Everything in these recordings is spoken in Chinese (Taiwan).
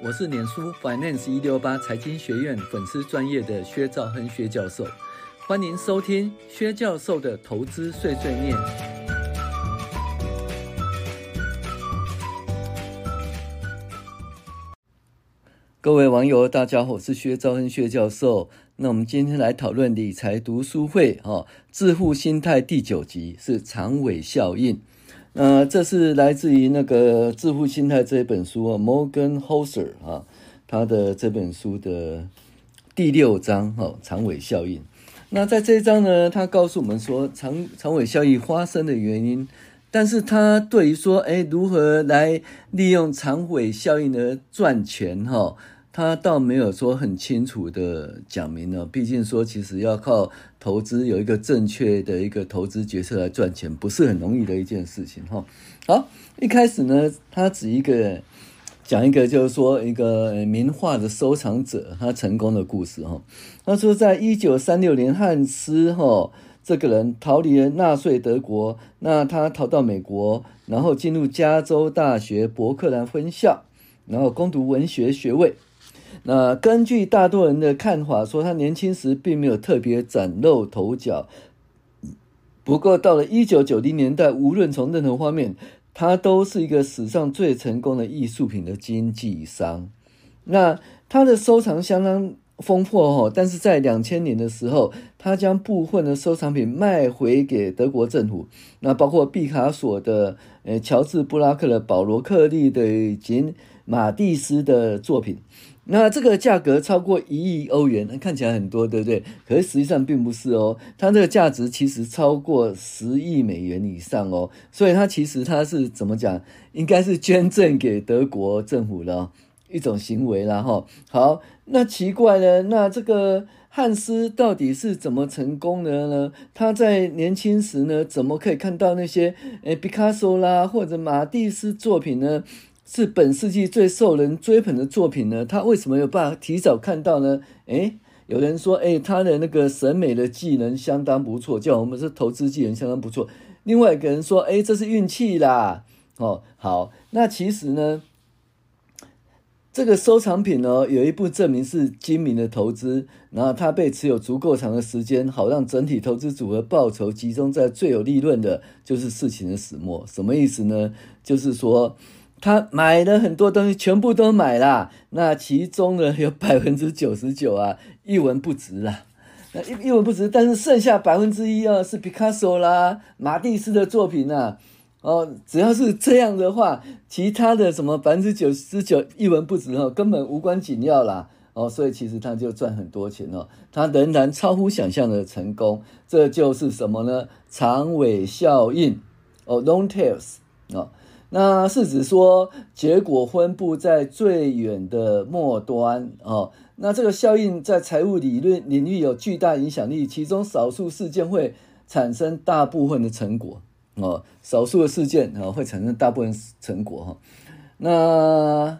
我是臉書 Finance 一六八財經學院粉絲專業的薛兆亨薛教授，歡迎收聽薛教授的投資碎碎念。各位網友，大家好，我是薛兆亨薛教授。那我們今天來討論理財讀書會哦，致富心態第九集是長尾效應。呃，這是來自於那個《致富心態》這一本書啊，Morgan Housel 啊，他的這本書的第六章哈、啊，長尾效應。那在這一章呢，他告訴我們說，長長尾效應發生的原因，但是他對於說誒，如何來利用長尾效應的賺錢哈、啊？他倒沒有說很清楚的講明呢、哦，畢竟說其實要靠投資有一個正確的一個投資決策來賺錢，不是很容易的一件事情哈、哦。好，一開始呢，他指一個講一個就是說一個名畫的收藏者他成功的故事哈、哦。他說，在一九三六年，漢斯哈、哦、這個人逃離了納粹德國，那他逃到美國，然後進入加州大學柏克萊分校，然後攻讀文學學位。那根據大多人的看法，說他年輕時並沒有特別嶄露頭角。不過到了一九九零年代，無論從任何方面，他都是一個史上最成功的藝術品的經紀商。那他的收藏相當豐富哦，但是在兩千年的時候，他將部分的收藏品賣回給德國政府。那包括畢卡索的、呃喬治布拉克的、保羅克利的以及馬蒂斯的作品。那這個價格超過一億歐元，看起來很多，對不對？可是實際上並不是哦，它這個價值其實超過十億美元以上哦，所以它其實它是怎麼講，應該是捐贈給德國政府的、哦、一種行為啦、哦。哈。好，那奇怪呢？那這個漢斯到底是怎麼成功的呢？他在年輕時呢，怎麼可以看到那些誒畢卡索啦或者馬蒂斯作品呢？是本世紀最受人追捧的作品呢？他為什麼有辦法提早看到呢？誒，有人說，誒，他的那個審美的技能相當不錯，叫我們是投資技能相當不錯。另外一個人說，誒，這是運氣啦。哦，好，那其實呢，這個收藏品哦，有一部證明是精明的投資，然後他被持有足夠長的時間，好讓整體投資組合報酬集中在最有利潤的，就是事情的始末。什麼意思呢？就是說。他買了很多東西，全部都買啦。那其中呢，有百分之九十九啊，一文不值啦。那一一文不值，但是剩下百分之一啊，是 Picasso 啦、馬蒂斯的作品吶、啊。哦，只要是這樣的話，其他的什麼百分之九十九一文不值哦，根本無關緊要啦。哦，所以其實他就賺很多錢哦，他仍然超乎想象的成功。這就是什麼呢？長尾效應哦，Long tails、哦那是指說，結果分布在最遠的末端哦。那這個效應在財務理論領域有巨大影響力，其中少數事件會產生大部分的成果哦。少數的事件哦會產生大部分成果哈。那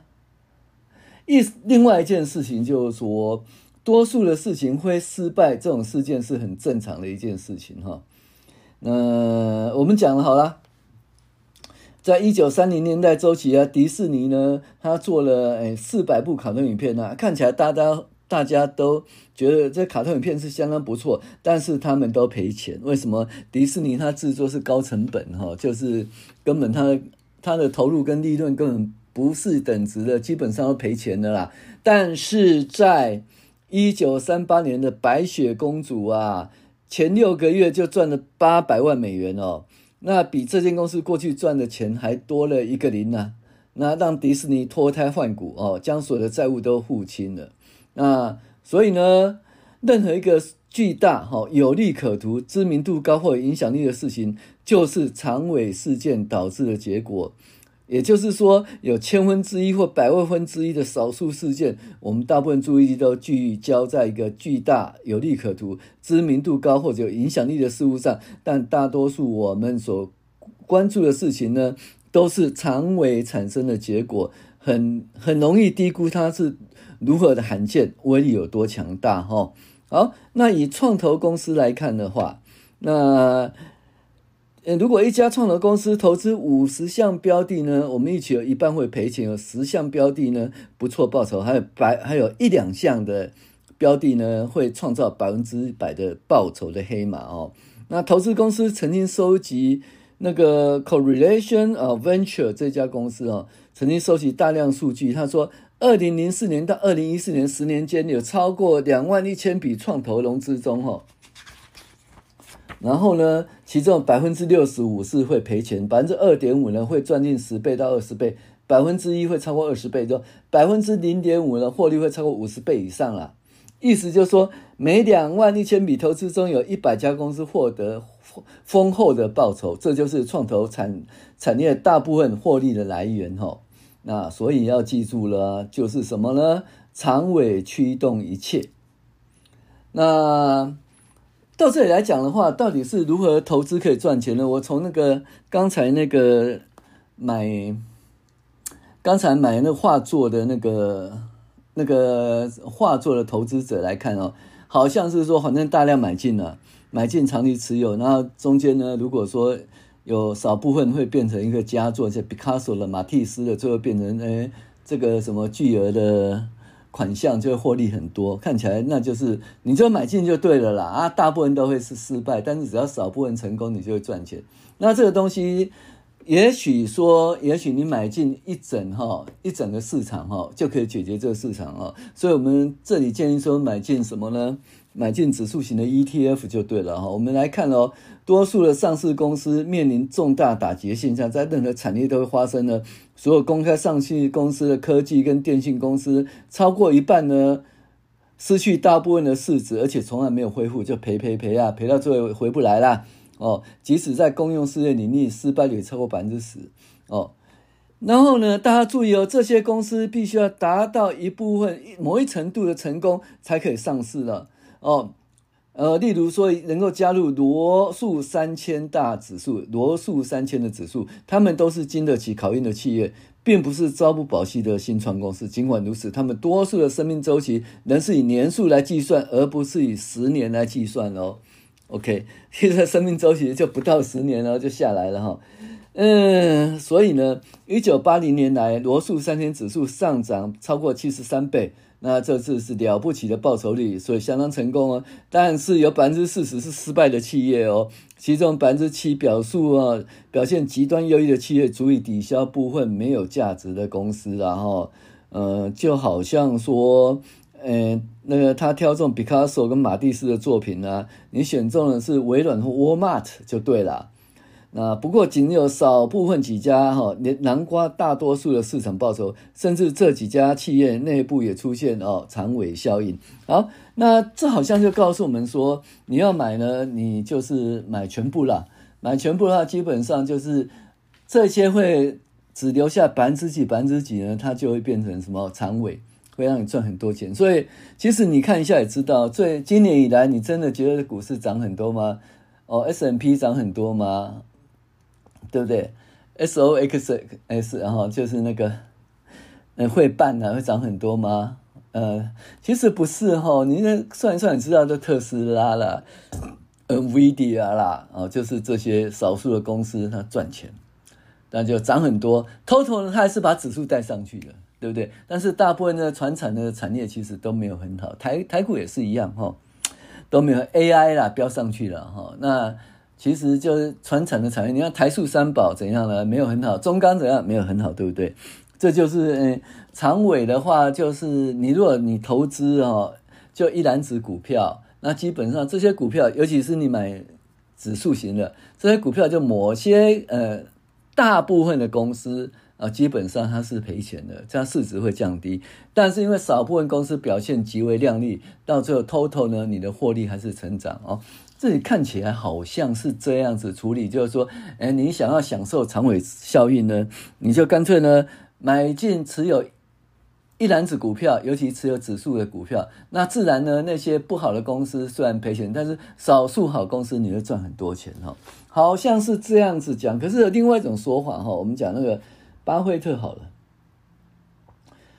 一另外一件事情就是說，多數的事情會失敗，這種事件是很正常的一件事情哈、哦。那我們講了好了。在一九三零年代周期啊，迪士尼呢，他做了誒四百部卡通影片吶、啊，看起來大家大家都覺得這卡通影片是相當不錯，但是他們都賠錢。為什麼迪士尼他製作是高成本哈、哦，就是根本他他的，的投入跟利潤根本不是等值的，基本上都賠錢的啦。但是在一九三八年的《白雪公主》啊，前六個月就賺了八百萬美元哦。那比這間公司過去賺的錢還多了一個零呢、啊，那讓迪士尼脫胎換骨哦，將所有的債務都付清了。那所以呢，任何一個巨大、哦、有利可圖、知名度高或影響力的事情，就是長尾事件導致的結果。也就是說，有千分之一或百萬分之一的少數事件，我們大部分注意力都聚焦在一個巨大、有利可圖、知名度高或者有影響力的事物上。但大多數我們所關注的事情呢，都是長尾產生的結果，很很容易低估它是如何的罕見，威力有多強大。哈，好，那以創投公司來看的話，那。嗯，如果一家創投公司投資五十項標的呢，我們一起有一半會賠錢，有十項標的呢不錯報酬，還有百還有一兩項的標的呢會創造百分之百的報酬的黑馬哦。那投資公司曾經收集那個 Correlation Ventures 這家公司哦，曾經收集大量數據，他說二零零四年到二零一四年十年間有超過兩萬一千筆創投融資中哦。然後呢，其中百分之六十五是會賠錢，百分之二點五呢會賺進十倍到二十倍，百分之一會超過二十倍之百分之零點五呢獲利會超過五十倍以上啦。意思就是說，每兩萬一千筆投資中，有一百家公司獲得豐厚的報酬，這就是創投產產業大部分獲利的來源哦。那所以要記住了，就是什麼呢？長尾驅動一切。那。到這裡來講的話，到底是如何投資可以賺錢呢？我從那個剛才那個買，剛才買那個畫作的那個那個畫作的投資者來看哦，好像是說反正大量買進了、啊、買進長期持有，然後中間呢，如果說有少部分會變成一個佳作，像畢卡索的、馬蒂斯的，最後變成哎這個什麼巨額的。款項就會獲利很多，看起來那就是你就買進就對了啦，啊，大部分都會是失敗，但是只要少部分成功，你就會賺錢。那這個東西。也許說，也許你買進一整哈一整個市場哈，就可以解決這個市場了。所以，我們這裡建議說，買進什麼呢？買進指數型的 ETF 就對了哈。我們來看哦，多數的上市公司面臨重大打擊的現象，在任何產業都會發生呢。所有公開上市公司的科技跟電信公司，超過一半呢失去大部分的市值，而且從來沒有恢復，就賠賠賠啊，賠到最後回不來啦。哦，即使在公用事業領域，你失敗率超過百分之十。哦，然後呢，大家注意哦，這些公司必須要達到一部分一某一程度的成功，才可以上市了哦，呃，例如說，能夠加入羅素三千大指數、羅素三千的指數，他們都是經得起考驗的企業，並不是朝不保夕的新創公司。儘管如此，他們多數的生命周期仍是以年數來計算，而不是以十年來計算哦。OK，現在生命週期就不到十年了，就下來了哈、哦。嗯，所以呢，一九八零年來羅素三千指數上漲超過七十三倍，那這次是了不起的報酬率，所以相當成功哦。但是有百分之四十是失敗的企業哦，其中百分之七表述哦、啊，表現極端優異的企業足以抵消部分沒有價值的公司然後哈、哦。嗯，就好像說。呃，那個他挑中畢卡索跟馬蒂斯的作品呢、啊，你選中的是微軟和 Walmart 就對了。那不過僅有少部分幾家哈，囊括大多數的市場報酬，甚至這幾家企業內部也出現哦長尾效應。好，那這好像就告訴我們說，你要買呢，你就是買全部啦。買全部的話，基本上就是這些會只留下百分之幾，百分之幾呢，它就會變成什麼長尾。會讓你賺很多錢，所以其實你看一下也知道，最今年以來，你真的覺得股市漲很多嗎？哦，S&P 漲很多嗎？對不對？S O X S 然、哦、後就是那個，呃、會辦呢、啊、會漲很多嗎？呃，其實不是哈、哦，你算一算，你知道的特斯拉啦 ，N V D A 啦，哦，就是這些少數的公司它賺錢，那就漲很多。Total 呢，它還是把指數帶上去的。對不對？但是大部分的傳產的產業其實都沒有很好，台台股也是一樣哈，都沒有 AI 啦，飆上去了哈。那其實就是傳產的產業，你看台塑三寶怎樣呢？沒有很好，中鋼怎樣？沒有很好，對不對？這就是嗯、長、呃、尾的話，就是你如果你投資哈，就一籃子股票，那基本上這些股票，尤其是你買指數型的這些股票，就某些呃大部分的公司，啊，基本上它是賠錢的，這樣市值會降低。但是因為少部分公司表現極為亮麗，到最後 total 呢，你的獲利還是成長哦。這裡看起來好像是這樣子處理，就是說，誒、欸、你想要享受長尾效應呢，你就乾脆呢買進持有一籃子股票，尤其持有指數的股票。那自然呢，那些不好的公司雖然賠錢，但是少數好公司你會賺很多錢哦。好像是這樣子講，可是有另外一種說法哈、哦，我們講那個。巴菲特好了，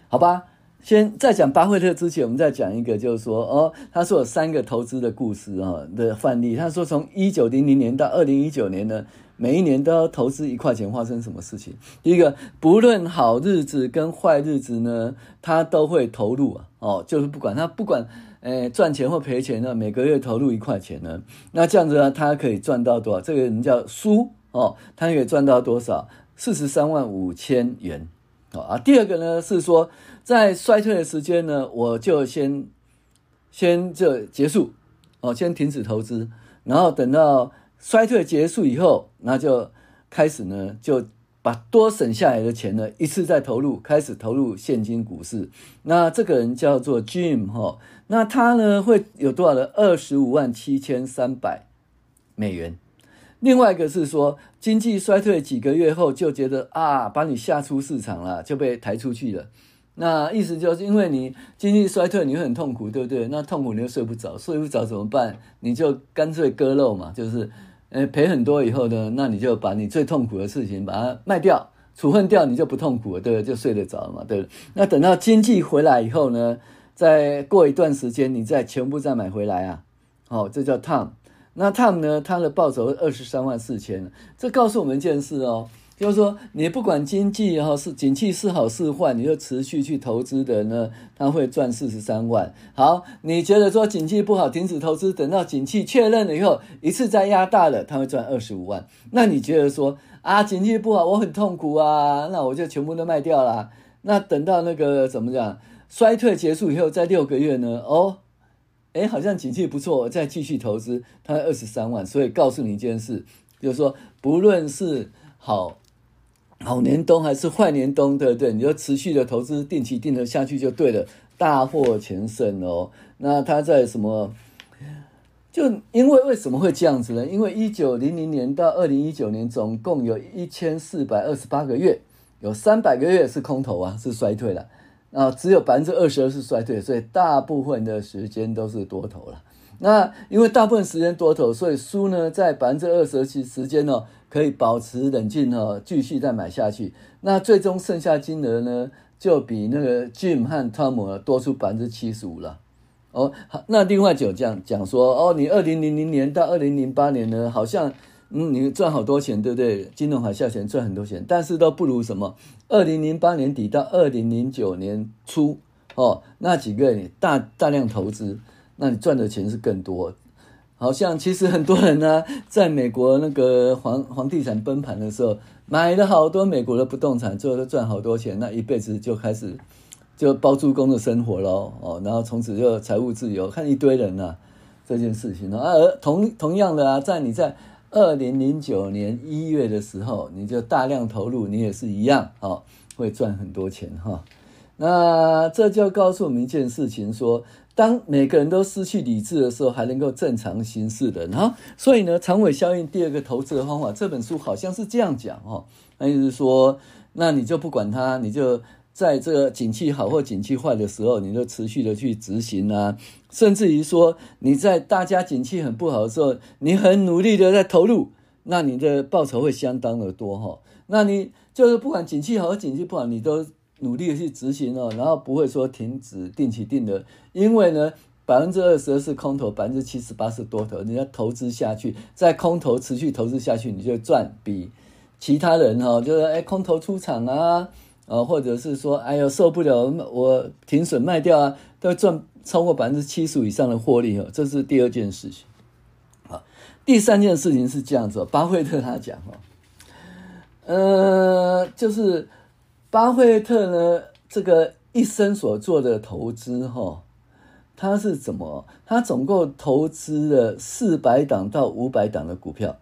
好吧，先在講巴菲特之前，我們再講一個，就是說，哦，他說有三個投資的故事啊、哦、的範例。他說，從一九零零年到二零一九年呢，每一年都要投資一塊錢，發生什麼事情？第一個，不論好日子跟壞日子呢，他都會投入啊，哦，就是不管他，不管誒、哎、賺錢或賠錢呢，每個月投入一塊錢呢，那這樣子呢，他可以賺到多少？這個人叫蘇哦，他可以賺到多少？四十三萬五千元，啊。第二個呢是說，在衰退的時間呢，我就先先就結束，哦，先停止投資，然後等到衰退結束以後，那就開始呢，就把多省下來的錢呢，一次再投入，開始投入現金股市。那這個人叫做 Jim 哈、哦，那他呢會有多少呢？二十五萬七千三百美元。另外一個是說，經濟衰退幾個月後，就覺得啊，把你嚇出市場了，就被抬出去了。那意思就是因為你經濟衰退，你會很痛苦，對不對？那痛苦你又睡不着，睡不着怎麼辦？你就乾脆割肉嘛，就是，呃，賠很多以後呢，那你就把你最痛苦的事情把它賣掉，處分掉，你就不痛苦了，對不對，就睡得着嘛，對不對。那等到經濟回來以後呢，再過一段時間，你再全部再買回來啊，好、哦，這叫套。那 Tom 呢？他的報酬二十三萬四千，這告訴我們一件事哦，就是說你不管經濟哈是景氣是好是壞，你就持續去投資的呢，他會賺四十三萬。好，你覺得說景氣不好，停止投資，等到景氣確認了以後，一次再壓大了，他會賺二十五萬。那你覺得說啊，景氣不好，我很痛苦啊，那我就全部都賣掉啦。那等到那個怎麼講，衰退結束以後，在六個月呢，哦。哎、欸，好像景氣不錯，再繼續投資，他二十三萬，所以告訴你一件事，就是說，不論是好好年冬還是壞年冬，對不對？你就持續的投資，定期定投下去就對了，大獲全勝哦。那他在什麼？就因為為什麼會這樣子呢？因為一九零零年到二零一九年，總共有一千四百二十八個月，有三百個月是空頭啊，是衰退了、啊。啊，只有百分之二十二是衰退，所以大部分的時間都是多頭了。那因為大部分時間多頭，所以蘇呢，在百分之二十的時時間呢，可以保持冷靜哦，繼續再買下去。那最終剩下金額呢，就比那個 Jim 和 Tom 多出百分之七十五了。哦，好，那另外就講講說，哦，你二零零零年到二零零八年呢，好像。嗯，你賺好多錢，對不對？金融海嘯前賺很多錢，但是都不如什麼？二零零八年底到二零零九年初，哦，那幾個月你大大量投資，那你賺的錢是更多。好像其實很多人呢、啊，在美國那個房房地產崩盤的時候，買了好多美國的不動產，最後都賺好多錢，那一輩子就開始就包租公的生活嘍，哦，然後從此就財務自由，看一堆人啊，這件事情啊，而同同樣的啊，在你在。二零零九年一月的時候，你就大量投入，你也是一樣，哈、哦，會賺很多錢哈、哦。那這就告訴我們一件事情：說，當每個人都失去理智的時候，還能夠正常行事的。然、哦、後，所以呢，長尾效應第二個投資的方法，這本書好像是這樣講哦。那意思是說，那你就不管他，你就，在這個景氣好或景氣壞的時候，你就持續的去執行啊，甚至於說你在大家景氣很不好的時候，你很努力的在投入，那你的報酬會相當的多哈、哦。那你就是不管景氣好或景氣不好，你都努力的去執行哦，然後不會說停止、定期定的。因為呢，百分之二十是空頭，百分之七十八是多頭，你要投資下去，在空頭持續投資下去，你就賺比其他人哈、哦，就是哎、欸，空頭出場啊。呃，或者是說，哎呦，受不了，我停損賣掉啊，都賺超過百分之七十以上的獲利，這是第二件事情。好，第三件事情是這樣子，巴菲特他講，呃，就是巴菲特呢，這個一生所做的投資哈，他是怎麼？他總共投資了四百檔到五百檔的股票，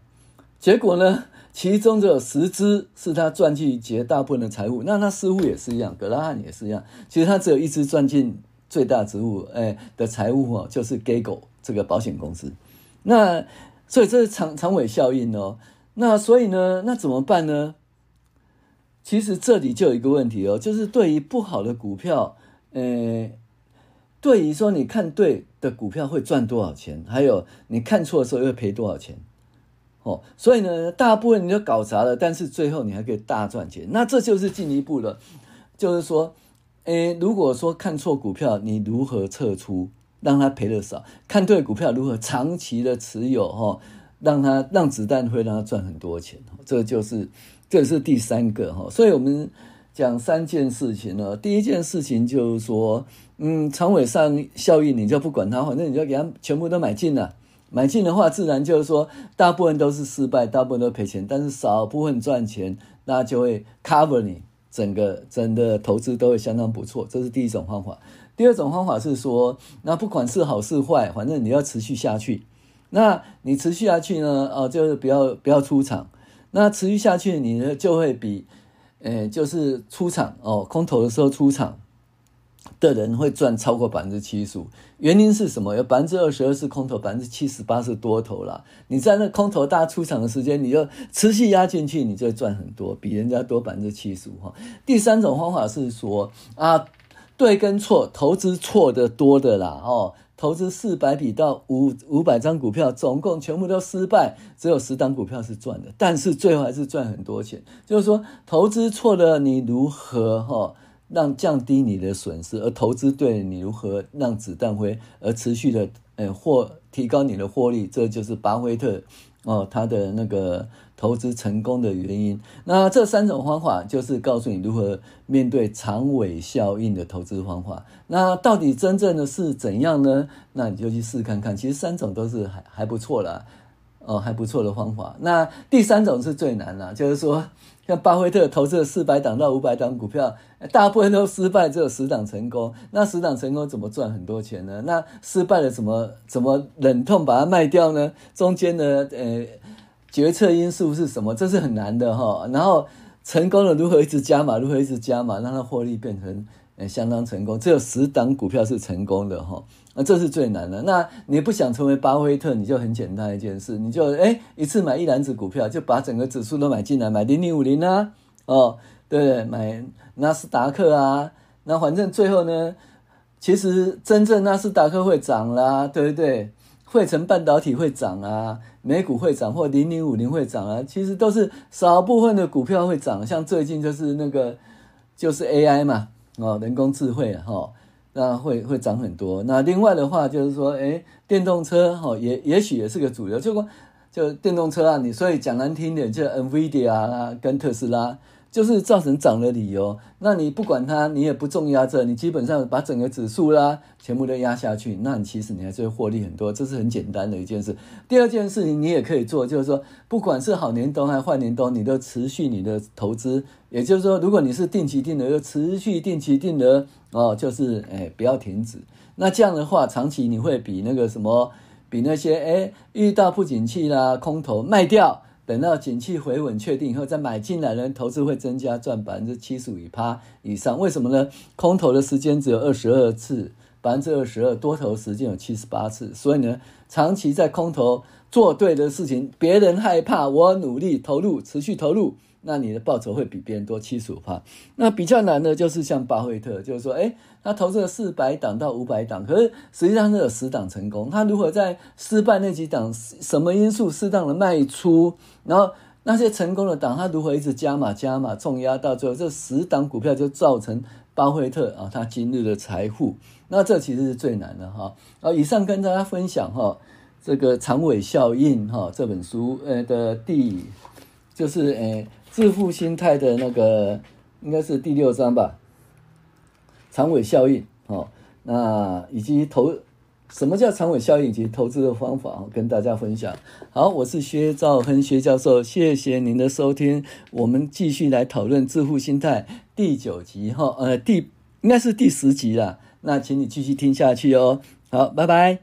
結果呢？其中只有十支是他賺進絕大部分的財富，那他師傅也是一樣，葛拉漢也是一樣。其實他只有一支賺進最大職務，哎、欸、的財富哦，就是 GEICO 這個保險公司。那所以這是長長尾效應哦。那所以呢，那怎麼辦呢？其實這裡就有一個問題哦，就是對於不好的股票，呃、欸，對於說你看對的股票會賺多少錢，還有你看錯的時候會賠多少錢。哦，所以呢，大部分你就搞砸了，但是最後你還可以大賺錢，那這就是進一步了，就是說，誒、欸，如果說看錯股票，你如何撤出，讓它賠得少；看對股票，如何長期的持有，讓它讓子彈會讓它賺很多錢，這就是這是第三個，哈，所以我們講三件事情呢，第一件事情就是說，嗯，長尾上效應你就不管它，反正你就給他全部都買進了。買進的話，自然就是說大部分都是失敗，大部分都賠錢，但是少部分賺錢，那就會 cover 你整個整個投資都會相當不錯。這是第一種方法。第二種方法是說，那不管是好是壞，反正你要持續下去。那你持續下去呢？哦，就是不要不要出場。那持續下去，你就會比，呃、欸，就是出場哦，空頭的時候出場。的人會賺超過百分之七十五，原因是什麼？有百分之二十二是空頭，百分之七十八是多頭啦。你在那空頭大出場的時間，你就持續壓進去，你就賺很多，比人家多百分之七十五哈。第三種方法是說啊，對跟錯，投資錯的多的啦哦，投資四百筆到五五百張股票，總共全部都失敗，只有十張股票是賺的，但是最後還是賺很多錢。就是說，投資錯的你如何哈？哦讓降低你的損失，而投資對你如何讓子彈飛而持續的，嗯，獲提高你的獲利，這就是巴菲特哦，他的那個投資成功的原因。那這三種方法就是告訴你如何面對長尾效應的投資方法。那到底真正的是怎樣呢？那你就去試看看，其實三種都是還還不錯啦。哦，還不錯的方法。那第三種是最難了、啊，就是說，像巴菲特投資了四百檔到五百檔股票，大部分都失敗，只有十檔成功。那十檔成功怎麼賺很多錢呢？那失敗了怎麼怎麼忍痛把它賣掉呢？中間的呃決策因素是什麼？這是很難的哈、哦。然後成功了，如何一直加碼，如何一直加碼，讓它獲利變成。欸、相當成功，只有十檔股票是成功的吼。那這是最難的。那你不想成為巴菲特，你就很簡單一件事，你就誒、欸、一次買一籃子股票，就把整個指數都買進來，買零零五零啊，哦、喔，對，買納斯達克啊,那反正最後呢，其實真正納斯達克會漲啦，對不對？匯成半導體會漲啊，美股會漲或零零五零會漲啊，其實都是少部分的股票會漲，像最近就是那個就是 AI 嘛。哦，人工智慧哈、哦，那會會漲很多。那另外的話就是說，哎、欸，電動車哈、哦，也也許也是個主流。就光就電動車啊，你所以講難聽點，就 NVIDIA、啊、跟特斯拉。就是造成漲的理由，那你不管它，你也不重壓這，你基本上把整個指數啦全部都壓下去，那你其實你還是會獲利很多，這是很簡單的一件事。第二件事情你也可以做，就是說不管是好年冬還是壞年冬，你都持續你的投資，也就是說，如果你是定期定額，又持續定期定額哦，就是誒、哎、不要停止。那這樣的話，長期你會比那個什麼，比那些誒、哎、遇到不景氣啦空頭賣掉。等到景氣回穩確定以後，再買進來呢，投資會增加，賺百分之七十五趴以上。為什麼呢？空頭的時間只有二十二次，百分之二十二；多頭時間有七十八次。所以呢，長期在空頭做對的事情，別人害怕，我努力投入，持續投入。那你的報酬會比別人多七十五趴。那比較難的就是像巴菲特，就是說，誒、欸、他投資了四百檔到五百檔，可是實際上只有十檔成功。他如果在失敗那幾檔什麼因素適當的賣出，然後那些成功的檔，他如何一直加碼、加碼、重壓到最後，這十檔股票就造成巴菲特啊他今日的財富。那這其實是最難的哈、啊。啊，以上跟大家分享哈、啊，這個長尾效應哈、啊、這本書呃、欸、的第就是誒、欸致富心態的那個應該是第六章吧，長尾效應哦，那以及投，什麼叫長尾效應以及投資的方法哦，跟大家分享。好，我是薛兆亨薛教授，謝謝您的收聽，我們繼續來討論致富心態第九集哈、哦，呃第應該是第十集了，那請你繼續聽下去哦。好，拜拜。